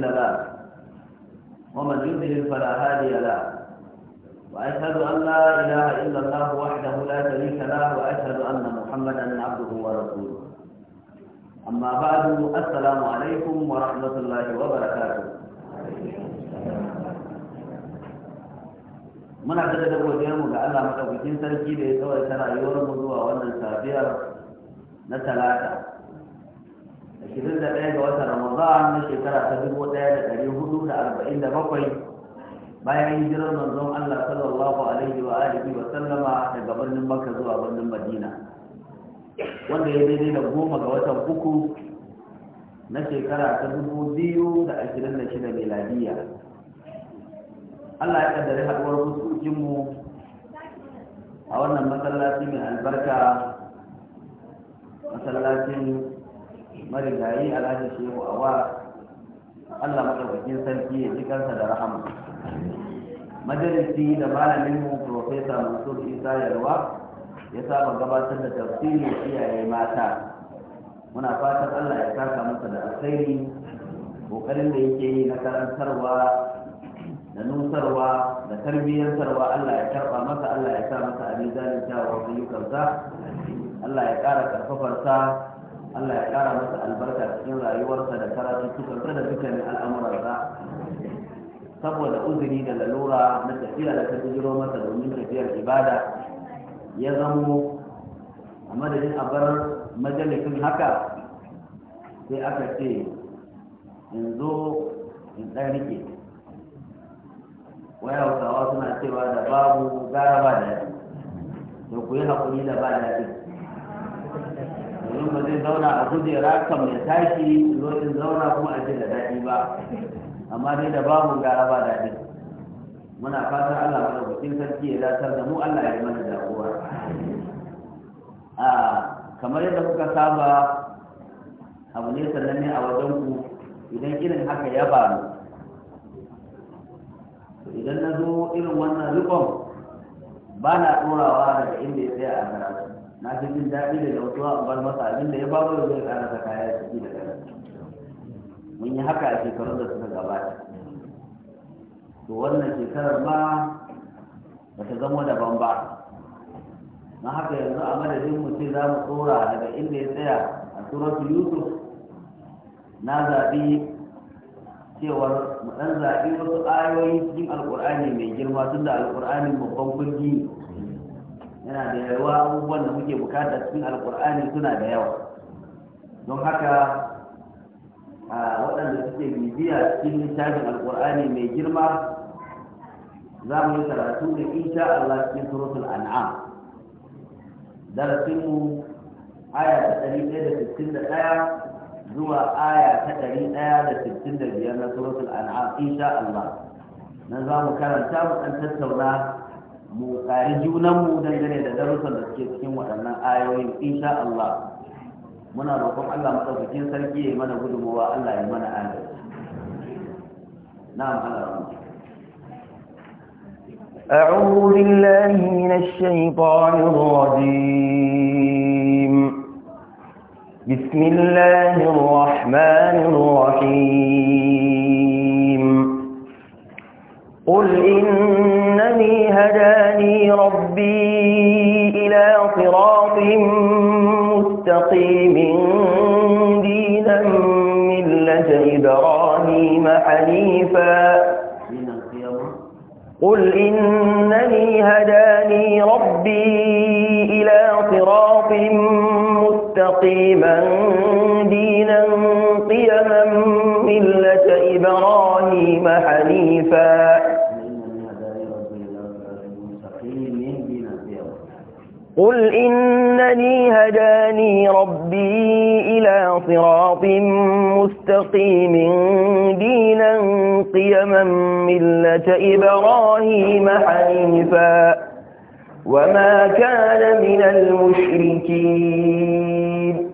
مضل له ومن يضلل فلا هادي له وأشهد أن لا إله إلا الله وحده لا شريك له وأشهد أن محمدا عبده ورسوله أما بعد السلام عليكم ورحمة الله وبركاته من da godiyarmu ga Allah madaukakin sarki da ya tsawaita rayuwarmu zuwa wannan ishirin da ɗaya ga wata ramadan na shekara ta dubu ɗaya da ɗari hudu da arba'in da bakwai bayan hijirar manzon allah sallallahu alaihi wa alihi wa sallama daga birnin makka zuwa birnin madina wanda ya daidai da goma ga watan uku na shekara ta dubu biyu da ashirin da shida miladiya allah ya kaddare haɗuwar mu a wannan masallaci mai albarka masallacin marigayi alhaji shehu awa Allah madaukakin sarki ya ji kansa da rahama majalisi da malamin mu profesa mansur isa yarwa ya saba gabatar da tafsirin iyaye mata muna fatan Allah ya saka masa da alkhairi kokarin da yake yi na karantarwa da nusarwa da sarwa Allah ya karba masa Allah ya sa masa abin zalunta wa ayyukansa Allah ya ƙara ƙarfafarsa Allah ya kara masa albarka cikin rayuwarsa da karatu tukarsa da al'amuran al'amuransa saboda uzuri da lalura na tafiya da ta jiro masa domin tafiyar ibada ya zamo a madadin a bar majalisin haka sai aka ce in zo in ɗan rike waya hausawa suna cewa da babu gara ba da yadda da ku yi haƙuri da ba da yadda mutum ba zai zauna a kujera kam ya tashi zo zauna kuma a ce da daɗi ba amma dai da babu gara ba daɗi muna fatan Allah mana bukin sarki ya datar da mu Allah ya yi mana jagora a kamar yadda kuka saba abu ne sananne a wajen ku idan irin haka ya faru idan na zo irin wannan rikon ba na ɗorawa daga inda ya tsaya a karatu na fi jin daɗi da yautuwa a bar masa abin ya ba da zai karasa kaya ya ciki da mun yi haka a shekarun da suka gabata to wannan shekarar ma ba ta zama daban ba na haka yanzu a madadin mu ce za mu tsora daga inda ya tsaya a suratu yusuf na zaɓi cewar mu ɗan zaɓi wasu ayoyi cikin alƙur'ani mai girma tun da alƙur'anin babban kulki yana da yawa abubuwan da muke bukata cikin alkur'ani suna da yawa don haka a waɗanda suke bibiya cikin littafin alkur'ani mai girma za mu yi karatu da insha Allah cikin suratul an'am darasinmu aya ta ɗari ɗaya da sittin da ɗaya zuwa aya ta ɗari ɗaya da sittin da biyar na suratul an'am insha Allah nan za mu karanta mu ɗan tattauna mu tsari junanmu dangane da darussan da suke cikin waɗannan ayoyin insha Allah muna roƙon Allah madaukakin sarki ya mana gudunmawa Allah ya mana adalci na'am Allah أعوذ بالله من الشيطان الرجيم بسم الله الرحمن الرحيم قل إنني هداني ربي إلى صراط مستقيم دينا ملة إبراهيم حنيفا قل إنني هداني ربي إلى صراط مستقيما دينا قيما ملة إبراهيم حنيفا قل إنني هداني ربي إلى صراط مستقيم دينا قيما ملة إبراهيم حنيفا وما كان من المشركين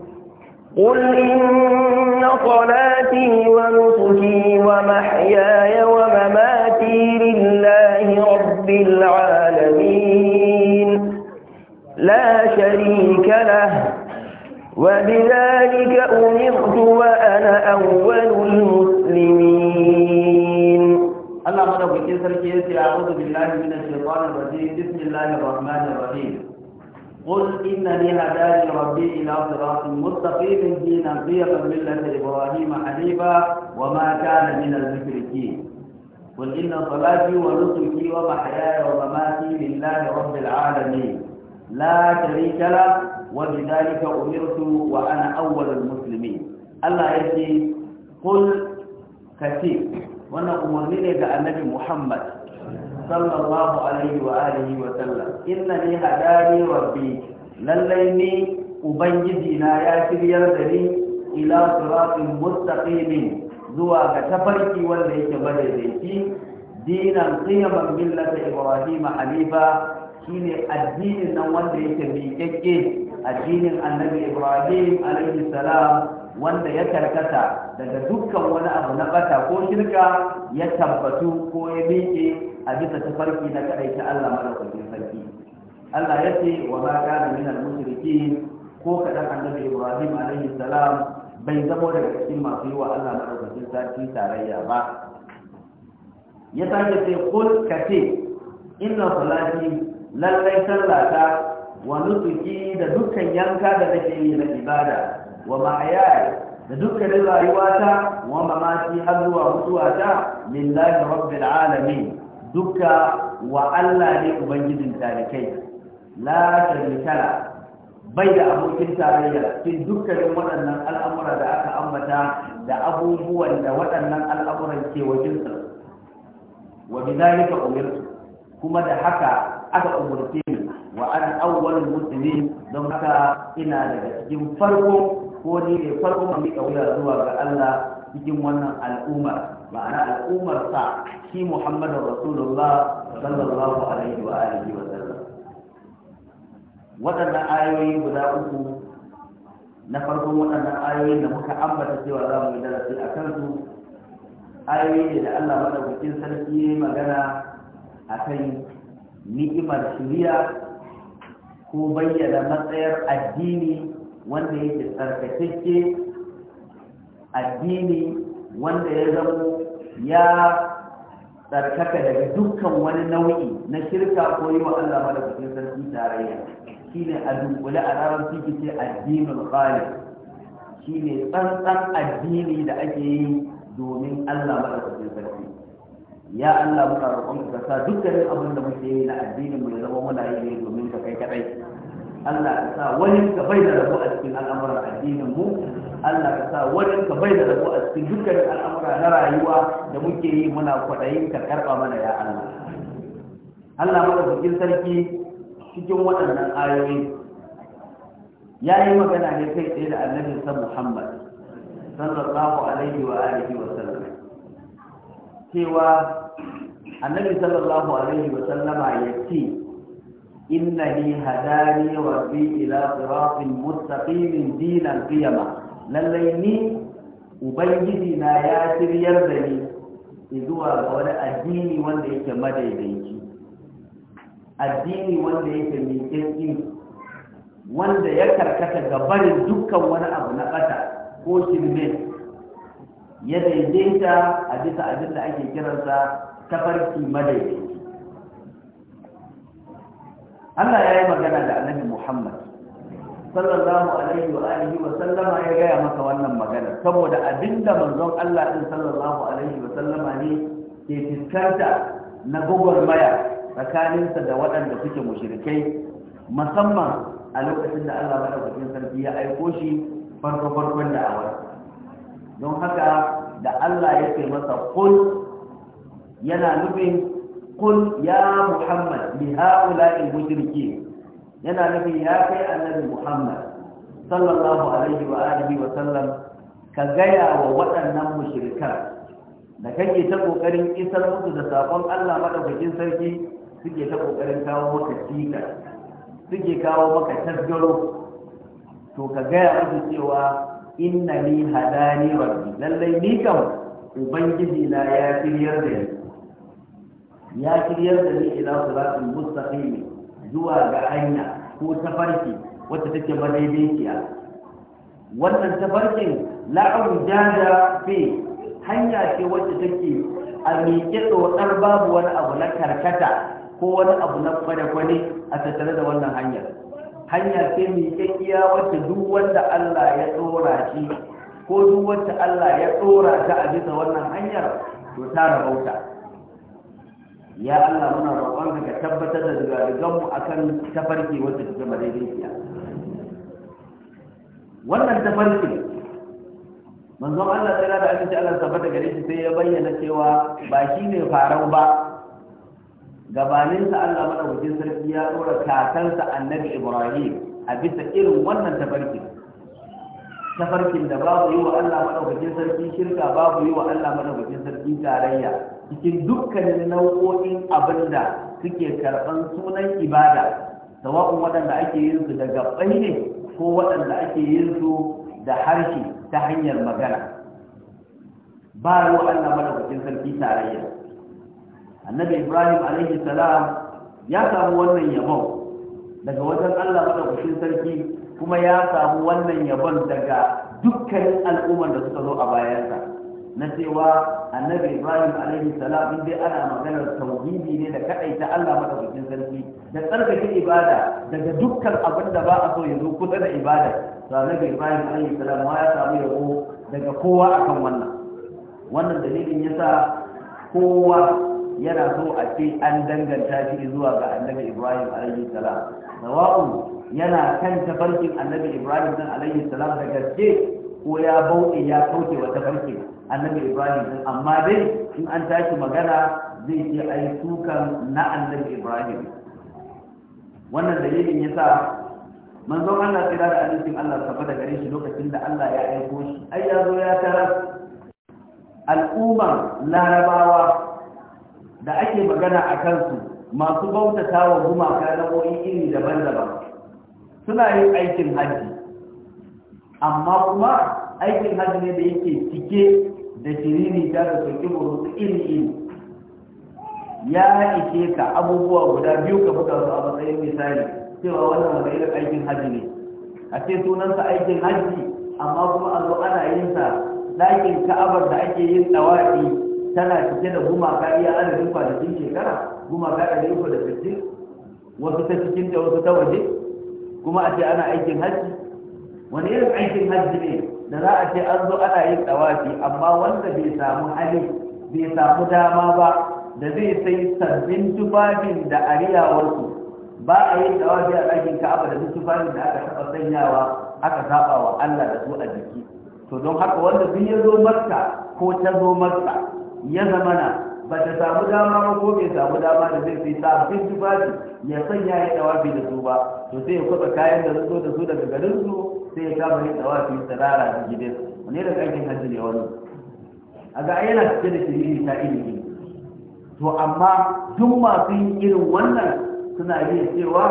قل إن صلاتي ونصكي ومحياي ومماتي لله رب العالمين لا شريك له وبذلك أمرت وأنا أول المسلمين الله مدعوك كيف كيسي أعوذ بالله من الشيطان الرجيم بسم الله الرحمن الرحيم قل إنني هداني ربي إلى صراط مستقيم دينا قيما ملة إبراهيم حنيفا وما كان من المشركين قل إن صلاتي ونسكي ومحياي ومماتي لله رب العالمين la sharika la wa bidhalika umirtu wa ana awwalul muslimin Allah yake kul Katif wannan umarni ne da annabi Muhammad sallallahu alaihi wa alihi wa sallam innani hadani rabbi lallai ni ubangiji na ya shiryar da ni ila siratin mustaqimin zuwa ga tafarki wanda yake madaidaici dinan qiyaman millata ibrahima hanifa shine addinin nan wanda yake miƙaƙƙe addinin annabi ibrahim alaihi salam wanda ya karkata daga dukkan wani abu na bata ko shirka ya tabbatu ko ya miƙe a bisa tafarki na kaɗai ta allah madaukakin sarki allah ya ce wa ma kana min al-mushrikin ko kaɗan annabi ibrahim alaihi salam bai zamo daga cikin masu yi wa allah madaukakin sarki tarayya ba ya sake ce kul kace inna salati lallai sallata wa nutuki da dukkan yanka da nake yi na ibada wa ma'ayaya da dukkanin rayuwata wa mamaki har zuwa mutuwata lillahi rabbil alamin dukka wa Allah ne ubangijin tarikai la tarikala bai da abokin tarayya cikin dukkanin waɗannan al'amura da aka ambata da abubuwan da waɗannan al'amuran ke wajinsa wa bidalika umirtu kuma da haka aka umarce ni wa ana don haka ina daga cikin farko ko ni ne farko zuwa ga Allah cikin wannan al'umma ma'ana al'ummar sa shi Muhammadu Rasulullah sallallahu alaihi wa alihi wa sallam ayoyi guda uku na farkon waɗannan ayoyi da muka ambata cewa za mu yi darasi a kansu ayoyi ne da Allah madaukakin sarki magana a kai ni'imar shiriya ko bayyana matsayar addini wanda yake tsarkakakke addini wanda ya zamo ya tsarkaka daga dukkan wani nau'i na shirka ko yi wa Allah madaukakin sarki tarayya ne a dunkule a larabci ki ce addinul shi shine tsantsan addini da ake yi domin Allah madaukakin sarki ya Allah muna roƙon ka sa dukkanin abin da muke yi na addinin mu ya zama muna yi ne domin ka kai kadai Allah ka sa wani ka bai da rabo a cikin al'amuran addinin mu Allah ka sa wani ka bai da rabo a cikin dukkanin al'amura na rayuwa da muke yi muna kwaɗayin ka karɓa mana ya Allah Allah cikin sarki cikin waɗannan ayoyi ya yi magana ne kai tsaye da annabinsa Muhammad sallallahu alaihi wa alihi wa sallam cewa annabi sallallahu alaihi wa sallama ya ce innani hadani rabbi ila siratin mustaqimin dinan qiyama lallai ni ubangiji na ya shiryar da ni zuwa ga wani addini wanda yake madaidaici addini wanda yake miƙaƙƙi wanda ya karkata ga barin dukkan wani abu na ƙasa ko shirme ya daidaita a bisa abin da ake kiransa tafarki madaidaici Allah ya yi magana da annabi Muhammad sallallahu alaihi wa alihi wa sallama ya gaya masa wannan magana saboda abinda manzon Allah din sallallahu alaihi wa sallama ne ke fiskanta na gwagwarmaya tsakaninsa da waɗanda suke mushrikai musamman a lokacin da Allah madaukakin sarki ya aiko shi farko farkon da'awar don haka da Allah ya ce masa kul yana nufin kul ya Muhammad li haula'il mujriki yana nufin ya kai annabi Muhammad sallallahu alaihi wa alihi wa sallam ka gaya wa waɗannan mushrikan da kake ta kokarin isar musu da sakon Allah madaukakin sarki suke ta kokarin kawo maka tika suke kawo maka tasgaro to ka gaya musu cewa inna li hadani rabbi lallai ni kam ubangiji na ya kiryar da ni ya kiryar da ni ila siratul mustaqim zuwa ga hanya ko tafarki wacce take madaidaiciya wannan tafarkin la'abu jada fi hanya ce wacce take a miƙe tsotsar babu wani abu na karkata ko wani abu na kwane-kwane a tattare da wannan hanyar hanya ce mai kyakkiya wacce duk wanda Allah ya tsora shi ko duk wacce Allah ya tsora ta a bisa wannan hanyar to ta rabauta ya Allah muna roƙon ka tabbatar da zigadigan mu akan tafarki wacce take madaidaiciya wannan tafarki manzon Allah sai da abinci Allah tabbata gare shi sai ya bayyana cewa ba shine farau ba gabanin sa Allah madaukakin sarki ya dora kakansa annabi Ibrahim a bisa irin wannan tafarkin tafarkin da babu yi wa Allah madaukakin sarki shirka babu yi wa Allah madaukakin sarki tarayya cikin dukkanin nau'o'in da suke karɓan sunan ibada sawa'un waɗanda ake yin su daga gabbai ne ko waɗanda ake yin su da harshe ta hanyar magana ba ruwa Allah madaukakin sarki tarayya annabi ibrahim alaihi salam ya samu wannan yabon daga wajen allah madaukakin sarki kuma ya samu wannan yabon daga dukkanin al'ummar da suka zo a bayansa na cewa annabi ibrahim alaihi salam in dai ana maganar tauhidi ne da kaɗai ta allah madaukakin sarki da tsarkake ibada daga dukkan abin da ba a so ya zo kusa da ibada to annabi ibrahim alaihi salam ma ya samu yabo daga kowa akan wannan wannan dalilin yasa kowa yana so a ce an danganta shi zuwa ga annabi ibrahim alaihi salam sawa'u yana kan tafarkin annabi ibrahim din salam da gaske ko ya bauɗe ya kauce wa tafarkin annabi ibrahim din amma dai in an tashi magana zai ce yi sukan na annabi ibrahim wannan dalilin yasa manzon Allah tsira da alisin Allah saba da gare shi lokacin da Allah ya aiko shi ai ya zo ya tarar Al'ummar larabawa da ake magana a kansu masu bautata wa gumaka nau'o'i iri daban-daban suna yin aikin hajji amma kuma aikin hajji ne da yake cike da shirini ta da sauki buru iri-iri ya ishe ka abubuwa guda biyu ka buga su a matsayin misali cewa wannan mai aikin hajji ne a ce sunansa aikin hajji amma kuma a zo ana yin sa ɗakin ka'abar da ake yin tsawaɗi tana cike da gumaka iya adadin kwanakin shekara gumaka ɗari uku da sittin wasu ta cikin da wasu ta waje kuma a ce ana aikin hajji wani irin aikin hajji ne da za a ce an zo ana yin tsawafi amma wanda bai samu hali bai samu dama ba da zai sai sabbin tufafin da ariyawarsu ba a yi tsawafi a ɗakin ka'aba da tufafin da aka taɓa sanyawa aka saba wa Allah da su a jiki to don haka wanda duk ya zo makka ko ta zo makka ya zamana ba ta samu dama ba ko bai samu dama da zai sai sabbin tufafi ya sanya ya tawafi da su ba to sai ya kwaba kayan da zo da su daga garin su sai ya kama yin tawafi rara a gidan wani da aikin hajji ne wani a ga yana cike da shiriri ta ilimi to amma duk masu yin irin wannan suna iya cewa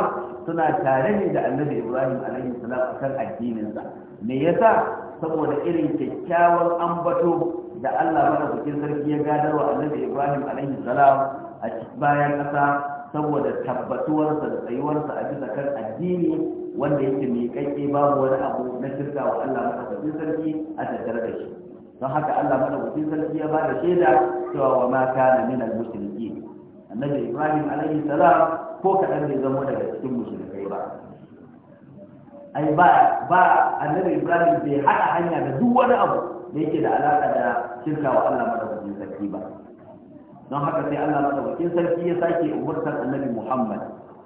suna tare ne da annabi ibrahim alaihi salam akan addininsa me yasa saboda irin kyakkyawan ambato da Allah madaukakin sarki ya gadarwa annabi Ibrahim alaihi salam a bayan ƙasa saboda tabbatuwarsa da tsayuwarsa a bisa kan addini wanda yake miƙaƙƙe babu wani abu na shirka wa Allah madaukakin sarki a tattare da shi don haka Allah madaukakin sarki ya bada shaida cewa wa ma kana min al annabi Ibrahim alaihi salam ko kaɗan bai zama daga cikin mushrikai ba ai ba ba annabi ibrahim bai haɗa hanya da duk wani abu da yake da alaƙa da shirka wa allah madaukakin sarki ba don haka sai allah madaukakin sarki ya sake umurtar annabi muhammad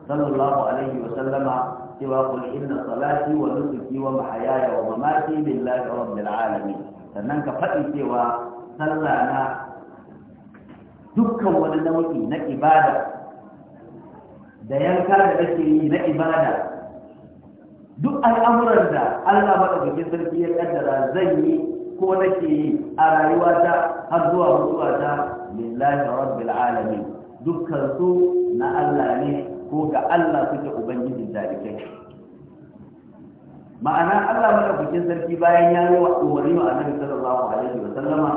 sallallahu alaihi wa sallama cewa kul inna salati wa nusuki wa mahayaya wa mamati lillahi rabbil alamin sannan ka faɗi cewa sallah na dukkan wani nau'i na ibada da yanka da kake yi na ibada duk al'amuran da Allah bikin sarki ya kaddara zan yi ko nake yi a rayuwata har zuwa mutuwata lillahi rabbil alamin dukkan su na Allah ne ko ga Allah suke ubangijin talibai ma'ana Allah madaukakin sarki bayan ya yi wa umarni wa annabi sallallahu alaihi wa sallama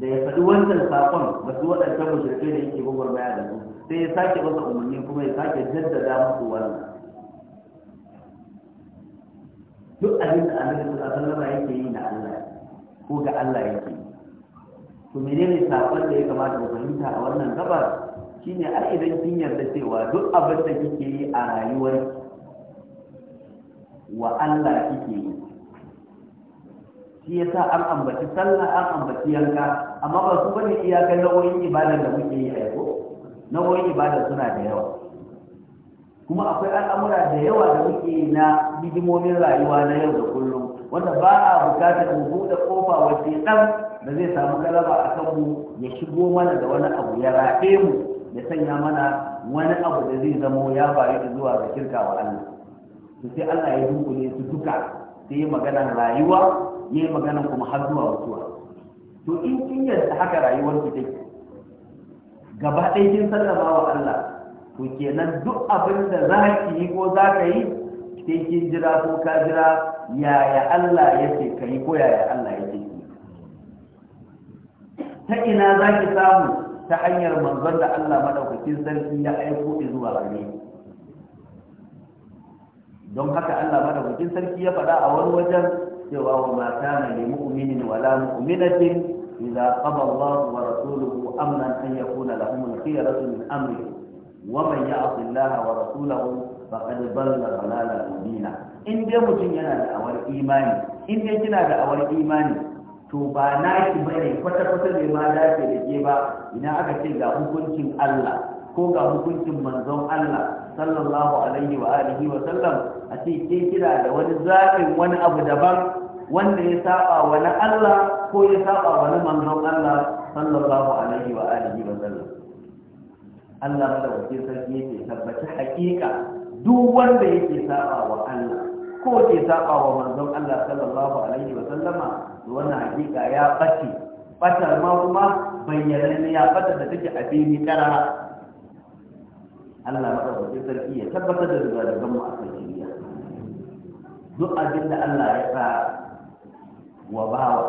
da ya faɗi wancan sakon ba su waɗancan mushrikai da yake gwagwarmaya da su sai ya sake masa umarni kuma ya sake jaddada musu wannan duk abin da annabi sallallahu alaihi yake yi na Allah ko ga Allah yake to menene sabon da ya kamata mu fahimta a wannan gabar shine ai idan kin yarda cewa duk abin da kike yi a rayuwar wa Allah kike yi shi yasa an ambaci sallah an ambaci yanka amma ba su bane iyakar nauyin ibada da muke yi a yau nauyin ibada suna da yawa kuma akwai al'amura da yawa da muke yi na hidimomin rayuwa na yau da kullum wanda ba a bukatar mu buɗe kofa wa ɗan da zai samu galaba a kan mu ya shigo mana da wani abu ya raɗe mu ya sanya mana wani abu da zai zamo ya faru da zuwa ga kirka wa Allah to sai Allah ya dunkule su duka sai ya magana rayuwa ya magana kuma har zuwa mutuwa to in kin yarda haka rayuwar ki take gaba ɗaya kin sallama wa Allah to kenan duk abin da za ki yi ko za ka yi sai kin jira ko ka jira yaya Allah yake kai ko yaya Allah yake ki ta ina za ki samu ta hanyar manzon da Allah madaukakin sarki ya aiko zuwa gare don haka Allah madaukakin sarki ya faɗa a wani wajen cewa wa mata na li mu'minin wala mu'minatin idza qada Allah wa rasuluhu amran an yakuna lahum al-khiyaratu min amri wa man ya'ti Allah wa rasulahu faqad dalla dalalan mubina in dai mutum yana da awar imani in dai kina da awar imani to ba naki bane kwata kwata ne ma da ke da ke ba ina aka ce ga hukuncin Allah ko ga hukuncin manzon Allah sallallahu alaihi wa alihi wa sallam a ce ke kira da wani zaɓin wani abu daban wanda ya saba wa na Allah ko ya saba wa na manzon Allah sallallahu alaihi wa alihi wa sallam Allah madawaki sarki ce, tabbaci hakika duk wanda yake saba wa Allah ko ke saba wa manzon Allah sallallahu alaihi wa sallama da wannan hakika ya bace batar ma kuma bayyana ne ya bata da take a fili kara Allah madaukakin sarki ya tabbatar da da gamu a kan shirya duk abin da Allah ya sa wa bawa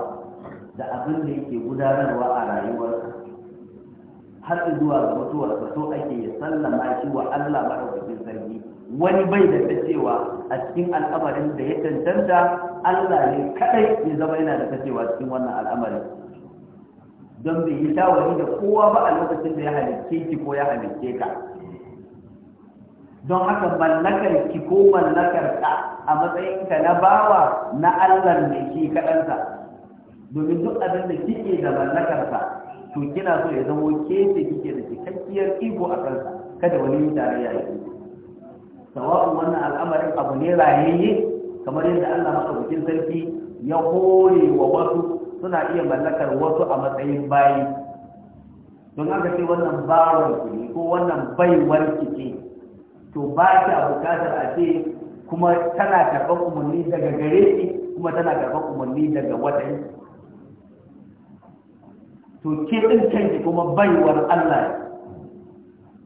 da abin da yake gudanarwa a rayuwar har zuwa ga ka so ake ya sallama shi wa Allah madaukakin wani bai da cewa a cikin al'amarin da ya cancanta Allah ne kadai ya zama yana da ta cewa cikin wannan al'amarin don bai yi tawari da kowa ba a lokacin da ya halicce ki ko ya halicce ka don haka mallakar ki ko mallakar ka a matsayinka na bawa na Allah ne ke kaɗansa domin duk abin da kike da mallakarsa to kina so ya zama ke kike da cikakkiyar iko a kansa kada wani tare ya yi sawa'un wannan al'amarin abu ne rayayye kamar yadda Allah bikin sarki ya hore wa wasu suna iya mallakar wasu a matsayin bayi don haka sai wannan bawon ne ko wannan baiwar ki ce to ba ta bukatar a ce kuma tana karɓar umarni daga gare ki kuma tana karɓar umarni daga wata to ke ɗin kanki kuma baiwar Allah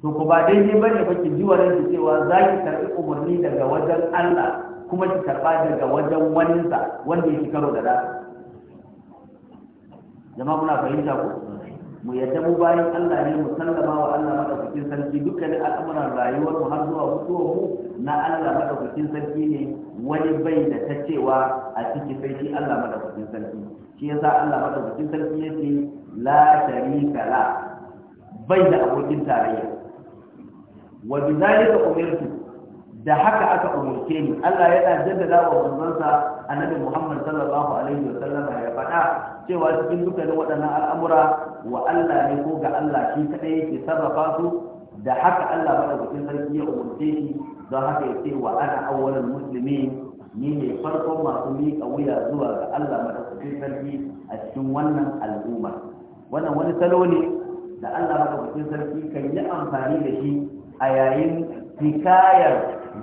to ko ba daidai bane ba ki ji wannan cewa za ki karɓi umarni daga wajen Allah kuma ki karɓa daga wajen waninsa wanda yake karo da nasa jama'a kuna fahimta ko mu yadda mu bayan Allah ne mu sallama wa Allah madaukakin sarki dukkanin al'amuran rayuwar mu har zuwa mutuwar mu na Allah madaukakin sarki ne wani bai da ta cewa a ciki sai shi Allah madaukakin sarki shi yasa Allah madaukakin sarki yake la sharika la bai da abokin tarayya wa bidhalika umirtu da haka aka umurce ni Allah yana jaddada wa manzansa annabi Muhammad sallallahu alaihi wa sallama ya faɗa cewa cikin dukkanin waɗannan al'amura wa Allah ne ko ga Allah shi kadai yake sarrafa su da haka Allah madaukakin sarki ya umurce shi don haka ya ce wa ana awwalul muslimin ni ne farkon masu miƙa wuya zuwa ga Allah madaukakin sarki a cikin wannan al'umma wannan wani salo ne da Allah madaukakin sarki kan yi amfani da shi a yayin hikayar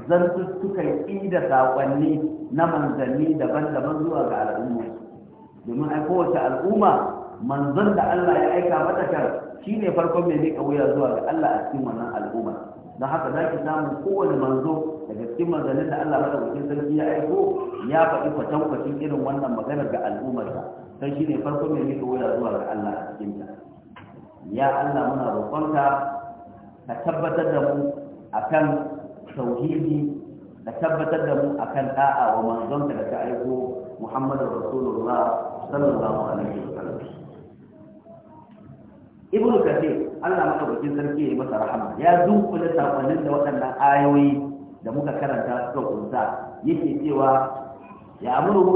zantuttukan inda saƙonni na manzanni daban-daban zuwa ga al'umma domin ai kowace al'umma manzon da Allah ya aika matakar shi ne farkon mai nika wuya zuwa ga Allah a cikin wannan al'umma don haka za ki samu kowane manzo daga cikin manzannin da Allah wakil sarki ya aiko ya faɗi kwatankwacin irin wannan maganar ga al'ummarsa shi ne farkon mai nika wuya zuwa ga Allah a cikin ta ya Allah muna roƙonka ka tabbatar da mu a kan tauhidi ka tabbatar da mu a kan da'a wa manzon da ta aiko Muhammadu Rasulullah sallallahu alaihi sallam. Ibn Kathir Allah madaukakin sarki ya masa rahama ya dunkule sakonnin da waɗannan ayoyi da muka karanta suka kunsa yake cewa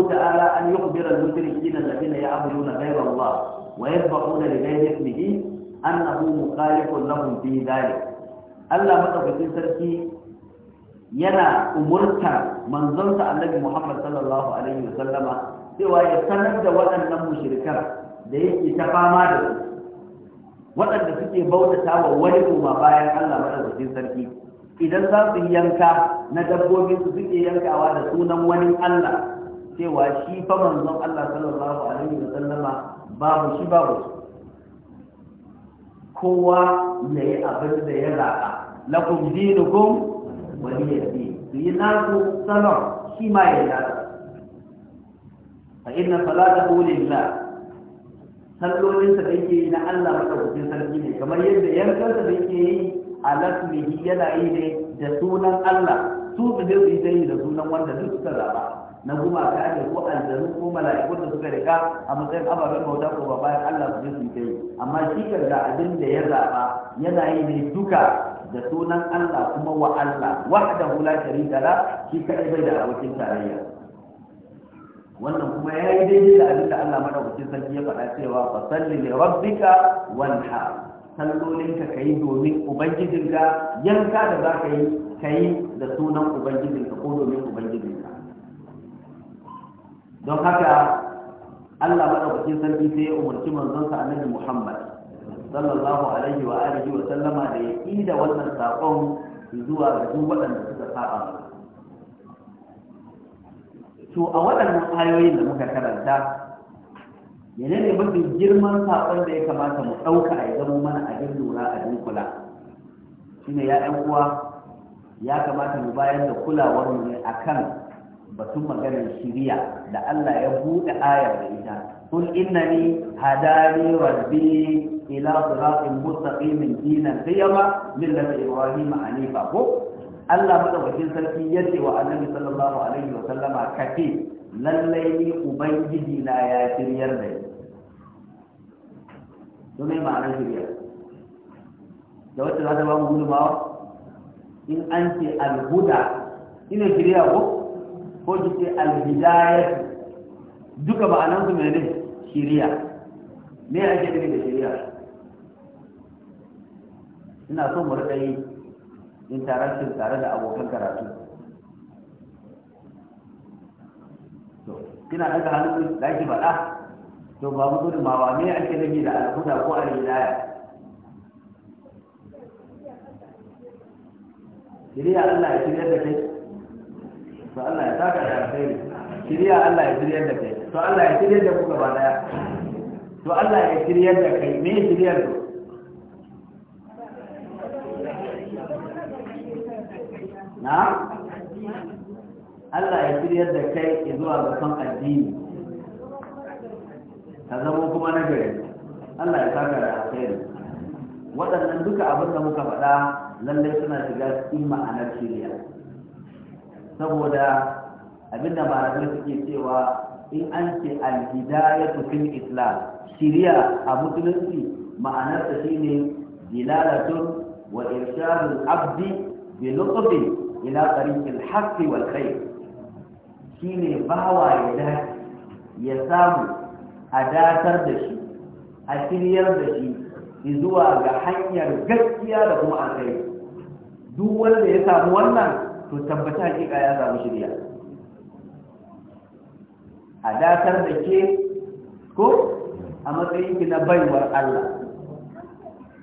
ta'ala an ya yukbira al-mushrikeena يخبر ya'buduna ghayra Allah wa الله li ghayri ismihi annahu mukhalifun lahum fi dhalik Allah madaukakin sarki yana umurtar manzonsa Annabi Muhammad sallallahu alaihi wasallama cewa ya sanar da waɗannan mushrikan da yake ta fama da su waɗanda suke bautata wa wani kuma bayan Allah madaukakin sarki idan za su yanka na dabbobin su suke yankawa da sunan wani Allah cewa shi fa manzon Allah sallallahu alaihi wasallama babu shi babu su kowa ya yi abin da ya zaɓa lakum dinukum wani ya fi su yi naku salon shi ma ya yi fa inna salata lillah sallolinsa da yake yi na Allah madaukakin sarki ne kamar yadda yankansa da yake yi a lasmihi yana yi ne da sunan Allah su su su yi da sunan wanda duk suka zaba na gumaka ne ko aljanu ko mala'iku da suka rika a matsayin ababen bauta ko ba bayan Allah su su kai amma shi ga abin da ya zaba yana yi ne duka da sunan Allah kuma wa Allah wahdahu la sharika la shi ka bai da abokin tarayya wannan kuma ya yi daidai da abin da Allah madaukakin sarki ya faɗa cewa fa salli li rabbika wanha sallolinka ka yi domin ubangijinka yanka da za ka yi ka yi da sunan ubangijinka ko domin ubangijinka don haka Allah madaukakin sarki sai ya umarci manzonsa annabi Muhammad sallallahu alaihi wa alihi wa sallama da ya da wannan sakon zuwa ga duk waɗanda suka saba to a waɗannan ayoyin da muka karanta ne mafi girman sakon da ya kamata mu ɗauka a zama mana abin lura a dunkula shine ya ɗan uwa ya kamata mu bayar da kulawar mu ne akan batun maganin shiriya da Allah ya buɗe ayar da ita kul innani hadani rabbi ila siratin mustaqimin dinan qiyama millati ibrahim hanifa ko Allah madaukakin sarki ya ce wa annabi sallallahu alaihi wa sallama kace lallai ni ubangiji na ya shiryar da ni don mai ma'anar shirya da wacce za ta ba mu gudumawa in an ce alhuda ina shirya ko ko ki ce al-hidayat duka ma'anan su mene shiriya me ya ake ne da shiriya ina so mu rika yi in taron tare da abokan karatu kina daga hannu da ake faɗa to ba mu gudun mawa me ake nufi da alhuda ko al-hidayat shiriya Allah ya shirya da kai to Allah ya saka da alkhairi shirya Allah ya shiryar da kai to Allah ya shiryar da ku gaba daya to Allah ya shiryar da kai me shiryar da na Allah ya shiryar da kai zuwa ga san addini ka zama kuma na gari Allah ya saka da alkhairi waɗannan duka abin da muka faɗa lallai suna shiga cikin ma'anar shirya saboda abinda malamai suke cewa in an ce al-hidayatu fil islam shiriya a musulunci ma'anar ta shine dilalatun wa irshadul abdi bi lutfi ila tariqil haqqi wal khair shine bawa ya dace ya samu a da shi a shiryar da shi zuwa ga hanyar gaskiya da kuma kai, duk wanda ya samu wannan to tabbata hakika ya samu shirya a datar da ke ko a matsayin ki na baiwar Allah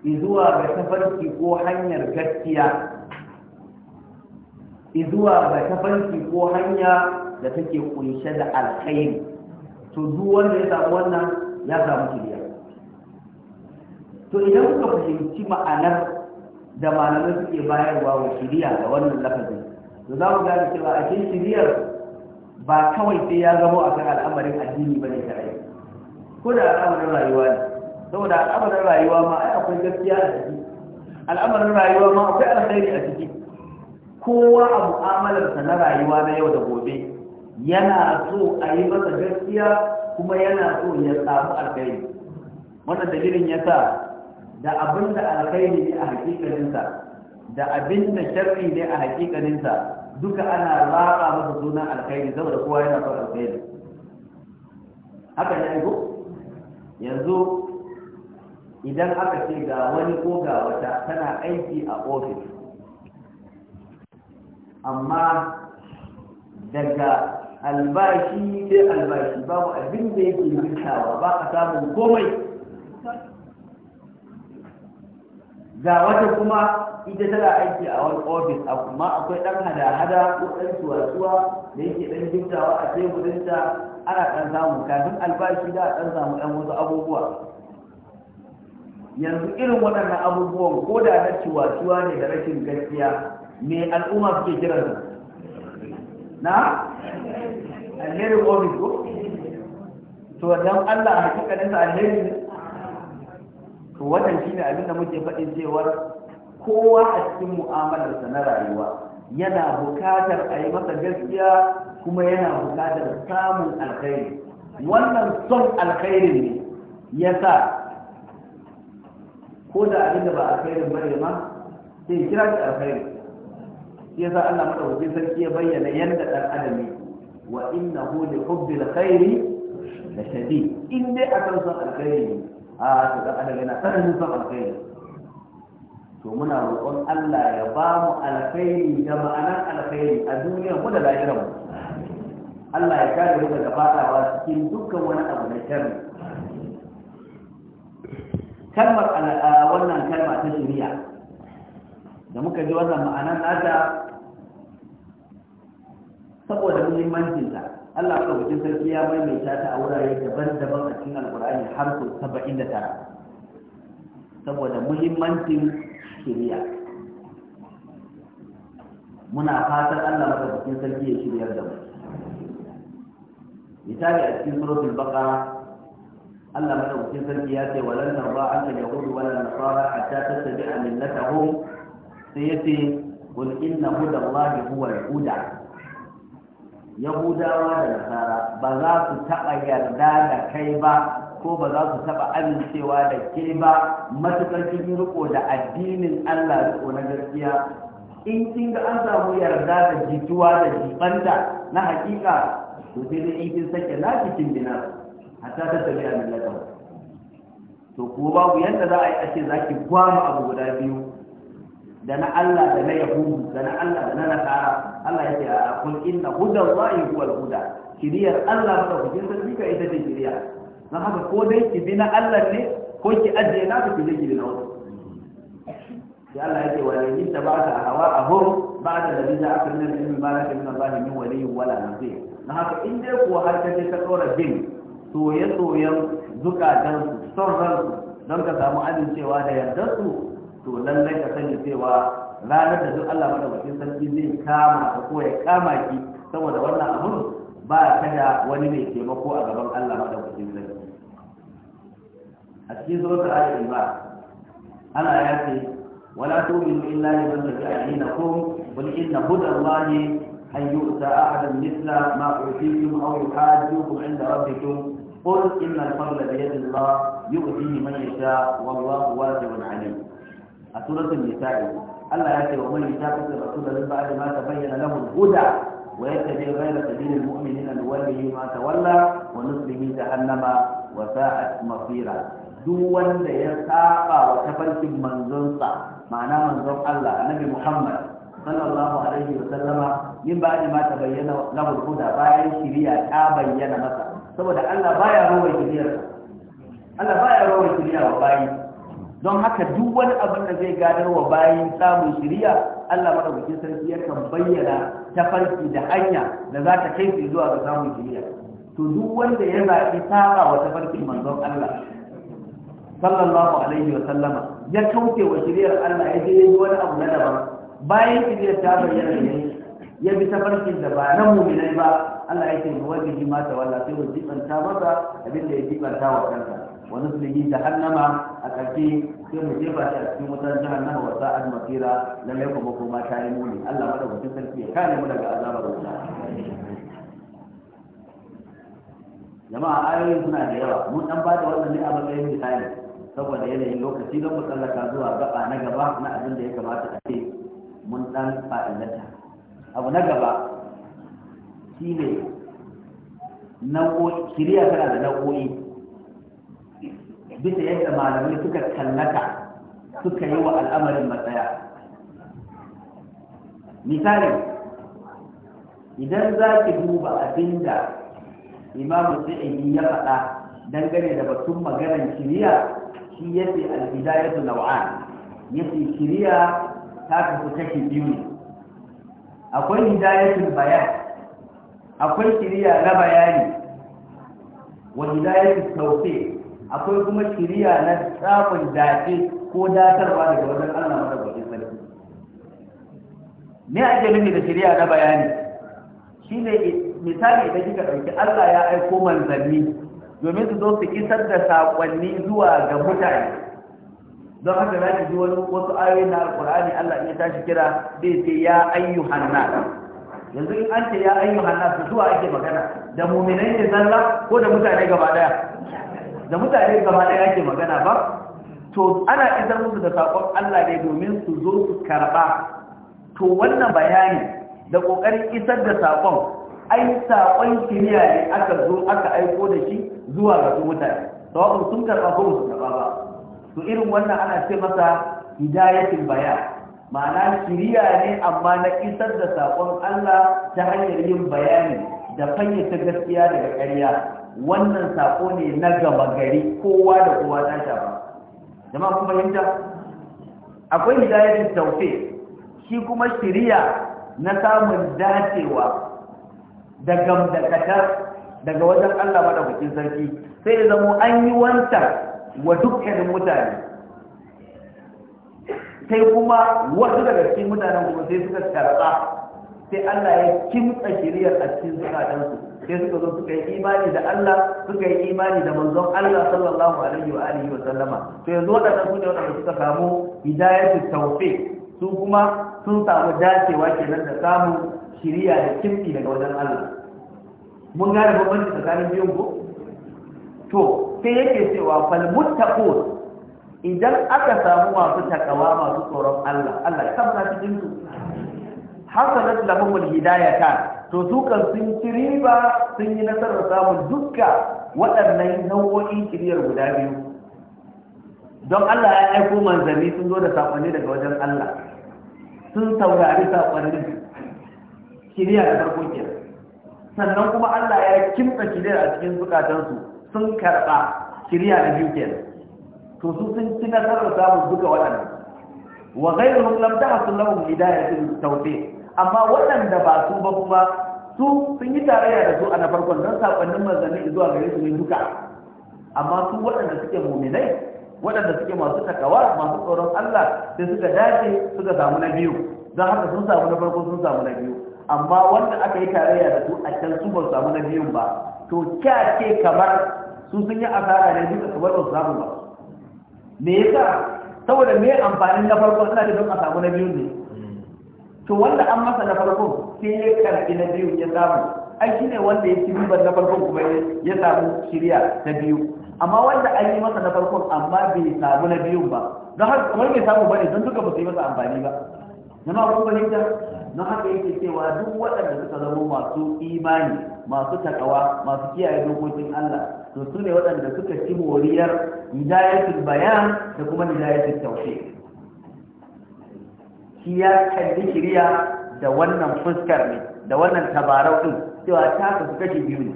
izuwa ga tafarki ko hanyar gaskiya izuwa ga tafarki ko hanya da take kunshe da alkhairi to duk wanda ya samu wannan ya samu shirya. to idan kuka fahimci ma'anar da malamai suke bayarwa wa shirya ga wannan lafazin to za mu gani cewa a cikin shiriyar ba kawai sai ya zamo a kan al'amarin addini ba ne kaɗai ko da al'amarin rayuwa ne saboda al'amarin rayuwa ma ai akwai gaskiya a ciki al'amarin rayuwa ma akwai alkhairi a ciki kowa a mu'amalarsa na rayuwa na yau da gobe yana so a yi masa gaskiya kuma yana so ya samu alkhairi wannan dalilin ya sa da abin da alkhairi ne a hakikalinsa da abin da sharri ne a hakikaninsa duka ana raba masa sunan alkhairi saboda kowa yana son alkhairi haka ne aiko yanzu idan aka ce ga wani ko ga wata tana aiki a ofis amma daga albashi sai albashi babu abin da yake rikawa ba a samun komai ga wata kuma ita tana aiki a wani ofis amma akwai ɗan hada-hada ko ɗan suwa-suwa da yake ɗan jintawa a teburinta ana ɗan samu kafin albashi da ɗan samu ɗan wasu abubuwa yanzu irin waɗannan abubuwan ko da na ciwa-ciwa ne da rashin gaskiya me al'umma suke kiran na alherin ofis ko to don allah a hakikanin sa alheri to wannan shine abin da muke faɗin cewar kowa a cikin mu'amalarsa na rayuwa yana bukatar a yi masa gaskiya kuma yana bukatar samun alkhairi wannan son alkhairi ne ya sa ko da abinda ba alkhairin bane ma sai kira shi alkhairi ya sa Allah madaukakin sarki ya bayyana yadda dan adam ne wa innahu li hubbil khairi la shadid in dai akan son alkhairi ne a to dan adam yana tsananin son alkhairi to muna roƙon Allah ya ba mu alkhairi da ma'anar alkhairi a duniyar mu da lahirar mu Allah ya kare mu daga fadawa cikin dukkan wani abu na sharri kalmar wannan kalma ta shari'a da muka ji wannan ma'anar nata saboda muhimmancinta Allah ɗaukakin sarki ya maimaita ta a wurare daban-daban a cikin alƙur'ani har sau saba'in da tara saboda muhimmancin shirya muna fatan Allah madaukakin sarki ya shirya da mu misali a cikin suratul baqara Allah madaukakin sarki ya ce walan narda anka yahudu wala nasara hatta tattabi'a millatahum sai yace qul inna hudallahi huwal huda yahudawa da nasara ba za su taɓa yarda da kai ba ko ba za su taɓa amincewa da ke ba matuƙar kin riko da addinin Allah riko na gaskiya in kin ga an samu yarda da jituwa da jibanta na hakika to sai dai in kin sake na cikin bina hatta ta tabi a millata to ko babu yadda za a yi ake za ki gwama abu guda biyu da na Allah da na yahudu da na Allah da na nasara Allah ya ce a kun inna hudan za'i huwal huda kiriyar Allah da kukin sarki ka ita ce kiriya don haka ko dai ki bi na Allah ne ko ki ajiye na ku ki bi na wasu sai Allah yake wa ne ta ba ka hawa a hur ba da da da aka nuna ilmi ma na ba ni min wali wala zai don haka in dai kuwa har ka je ka tsora bin soye soyen zukatan son ransu don ka samu amincewa da yardar su to lallai ka sani cewa ranar da duk Allah madaukakin sarki zai kama ka ko ya kama ki saboda wannan abun ba ka da wani mai taimako a gaban Allah madaukakin sarki a cikin zuwa ayyar ba ana ya ce wala to in illa ya zama fi ajina wani in na buɗa ruwa ne an yi wuta a adam nisla ma ƙarfi yin auyu ka ji hukun ko in na fara da yadda ba yi wuta ne mai ta wawa wa ta wani a suratun nisa'i Allah ya ce wa mai ta fita da suna zuba ma ta bayyana lamun guda wa ya tafi rayar da dinin mu'minin alwali ma ta walla wa nusbihi jahannama wa sa'at masira duk wanda ya saba wa tafarkin manzonsa ma'ana manzon Allah annabi Muhammad sallallahu alaihi wa sallama Yin ba'di ma ta bayyana lahu huda bayan shiriya ta bayyana masa saboda Allah baya rowa shiriyar Allah baya rowa shiriya wa bayi don haka duk wani abin da zai gadar wa bayi samun shiriya Allah madaukakin sarki yakan bayyana tafarki da hanya da za ta kai su zuwa ga samun shiriya to duk wanda ya zaɓi saba wa tafarkin manzon Allah صلى الله عليه وسلم يا كوكي وشرير الله يجي يجوا لأب ندبا باين تجي يتابع يلي يا بسفر في الدبا نمو من الباء الله يجي يجي ما تولى فيه الزيب أن تابطا أبين لي يجيب أن تابطا ونسلي جهنم أكاكي في مجيبة في متنجح أنه وساء المصيرة لم يكن بكما كارموني الله مدى وتسل فيه كان مدى أزار الله جماعة آيوين هنا جيرا من أنبات وأنا نعمل إيه بخير saboda yanayin lokaci don mu zuwa gaba na gaba na abin da ya kamata a ce mun dan fa'ilata abu na gaba shi ne shirya tana da nau'o'i bisa yadda malamai suka kallata suka yi wa al'amarin matsaya misali idan za ki duba abinda imamu sa'idi ya faɗa dangane da batun maganar shirya shi yace al-bidayatu ya yace kiriya ta kasu kashi biyu ne akwai hidayatul bayan akwai kiriya na bayani wa hidayatul sauke akwai kuma kiriya na tsafin dace ko datarwa daga wajen Allah madaukakin sarki me ake nufi da kiriya na bayani shine misali idan kika ɗauki Allah ya aiko manzanni domin su zo su isar da saƙonni zuwa ga mutane don haka za ki ji wani wasu ayoyi na alƙur'ani Allah ya tashi kira zai ce ya ayyu hanna yanzu in an ce ya hanna su zuwa ake magana da mu'minai ne zalla ko da mutane gaba daya da mutane gaba daya ake magana ba to ana isar musu da saƙon Allah ne domin su zo su karɓa to wannan bayani da ƙoƙarin isar da saƙon ai saƙon kimiyya ne aka zo aka aiko da shi zuwa ga su mutane sawa'un sun karɓa ko su karɓa ba to irin wannan ana ce masa hidayatul baya ma'ana shirya ne amma na isar da saƙon Allah ta hanyar yin bayani da fayyace gaskiya daga ƙarya wannan sako ne na gaba gari kowa da kowa ta shafa jama'a kuma fahimta akwai hidayatin taufe shi kuma shirya na samun dacewa da gamdakatar daga wajen Allah bukin sarki sai da zamo an yi wanta wa dukkanin mutane sai kuma wasu daga cikin mutanen kuma sai suka karɓa sai Allah ya kimtsa shiriyar a cikin zukatansu sai suka zo suka yi imani da Allah suka yi imani da manzon Allah sallallahu alaihi wa alihi wa sallama to yanzu waɗannan su ne waɗanda suka samu hidayatu tawfiq su kuma sun samu dacewa kenan da samun shiriya da kimti daga wajen Allah mun gane bambanci tsakanin biyun ko to sai yake cewa fal muttaqun idan aka samu masu takawa masu tsoron Allah Allah ya tabbata cikin su hasanat lahumul hidayata to su kan sun ci sun yi nasarar samun dukka waɗannan nau'o'in kiriyar guda biyu don Allah ya aiko manzanni sun zo da sakonni daga wajen Allah sun saurari sakonnin kiriya da farko kenan sannan kuma Allah ya kimta shirya a cikin zukatansu sun karɓa kiriya da biyu kenan to su sun ci nasarar samun duka waɗannan wa ghayruhum lam tahsul lahum hidayatul tawfiq amma waɗanda ba su ba kuma su sun yi tarayya da su a na farkon don sakonnin manzanni zuwa gare su ne duka amma su waɗanda suke muminai waɗanda suke masu takawa masu tsoron Allah da suka dace suka samu na biyu Zan haka sun samu na farko sun samu na biyu amma wanda aka yi tarayya da su a can su ba su samu na biyun ba to kya ke kamar su sun yi asara ne duka kamar ba su samu ba me yasa saboda me amfani na farko ina da don a samu na biyun ne to wanda an masa na farko sai ya karbi na biyun ya samu ai shine wanda ya ci ribar na farkon kuma ya samu shirya na biyu amma wanda an yi masa na farkon amma bai samu na biyun ba don haka kamar bai samu ne don duka ba su yi masa amfani ba jama'a kun fahimta na haka yake cewa duk waɗanda suka zama masu imani masu takawa masu kiyaye dokokin Allah to su ne waɗanda suka ci moriyar hidayatul bayan da kuma hidayatul tawfi shi ya kalli shiriya da wannan fuskar ne da wannan tabarau din cewa ta kasu kashi biyu ne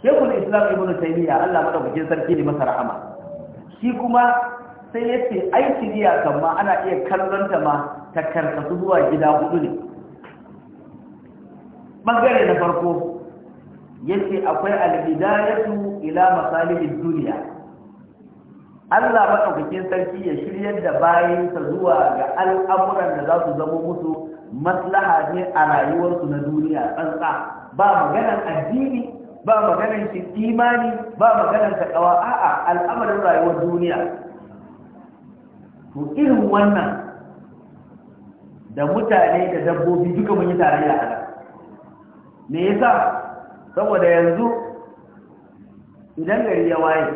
shekul islam ibn taymiya Allah madaukakin sarki ne masa rahama shi kuma sai yace ai shiriya kan ma ana iya kallon ta ma ta karkasu zuwa gida hudu ne ɓangare na farko yace akwai albidayatu ila masalihin duniya Allah maɗaukakin sarki ya shiryar da bayansa zuwa ga al'amuran da za su zama musu maslaha ne a rayuwarsu na duniya tsantsa ba maganar addini ba maganar imani ba maganar takawa a'a al'amarin rayuwar duniya to irin wannan da mutane da dabbobi duka mun yi tarayya a nan me yasa saboda yanzu idan gari ya waye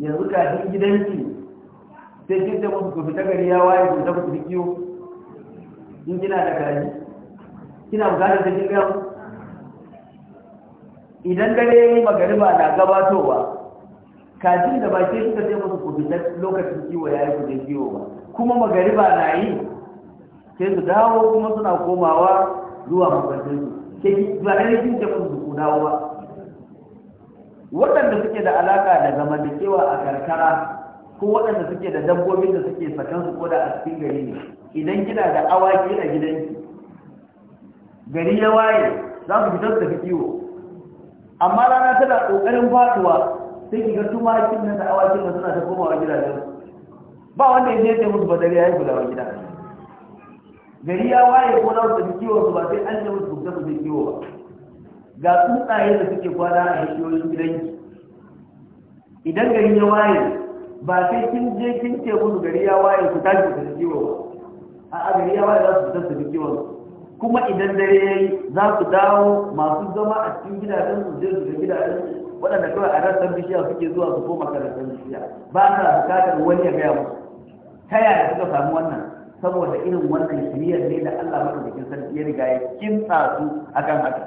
yanzu kafin gidanki sai kin da musu kofi ta gari ya waye ku tafi ku kiyo in kina da kaji kina bukatar da kin ga idan dare magariba na gabatowa kajin da ba ke suka ce musu ku fita lokacin kiwo ya yi ku je kiwo ba kuma magariba na yi sai su dawo kuma suna komawa zuwa makarantarsu ke ba ainihin ke musu ku dawo ba waɗanda suke da alaƙa da kewa a karkara ko waɗanda suke da dabbobin da suke su ko da a cikin gari ne idan kina da awaki a gidanki gari ya waye za ku fitar da kiwo amma rana tana ƙoƙarin faɗuwa sai ki ga tumakin nan da awakin da suna ta komawa gidajen ba wanda ya je ta ba dare ya yi kulawa gida gari ya waye ko na wasu kiwo su ba sai an yi musu kuka su kiwo ba ga tsuntsaye da suke kwana a bishiyoyin gidanki idan gari ya waye ba sai kin je kin ce musu gari ya waye ku tashi da kiwo ba a gari ya waye za su fita da kiwon su kuma idan dare ya yi za ku dawo masu zama a cikin gidajen su je su ga gidajen su waɗanda kawai a rassan bishiya suke zuwa su koma ka rassan bishiya ba ka bukatar wani ya gaya musu ta yaya suka samu wannan saboda irin wannan shiriyar ne da Allah kin sarki ya riga ya kinsa su akan haka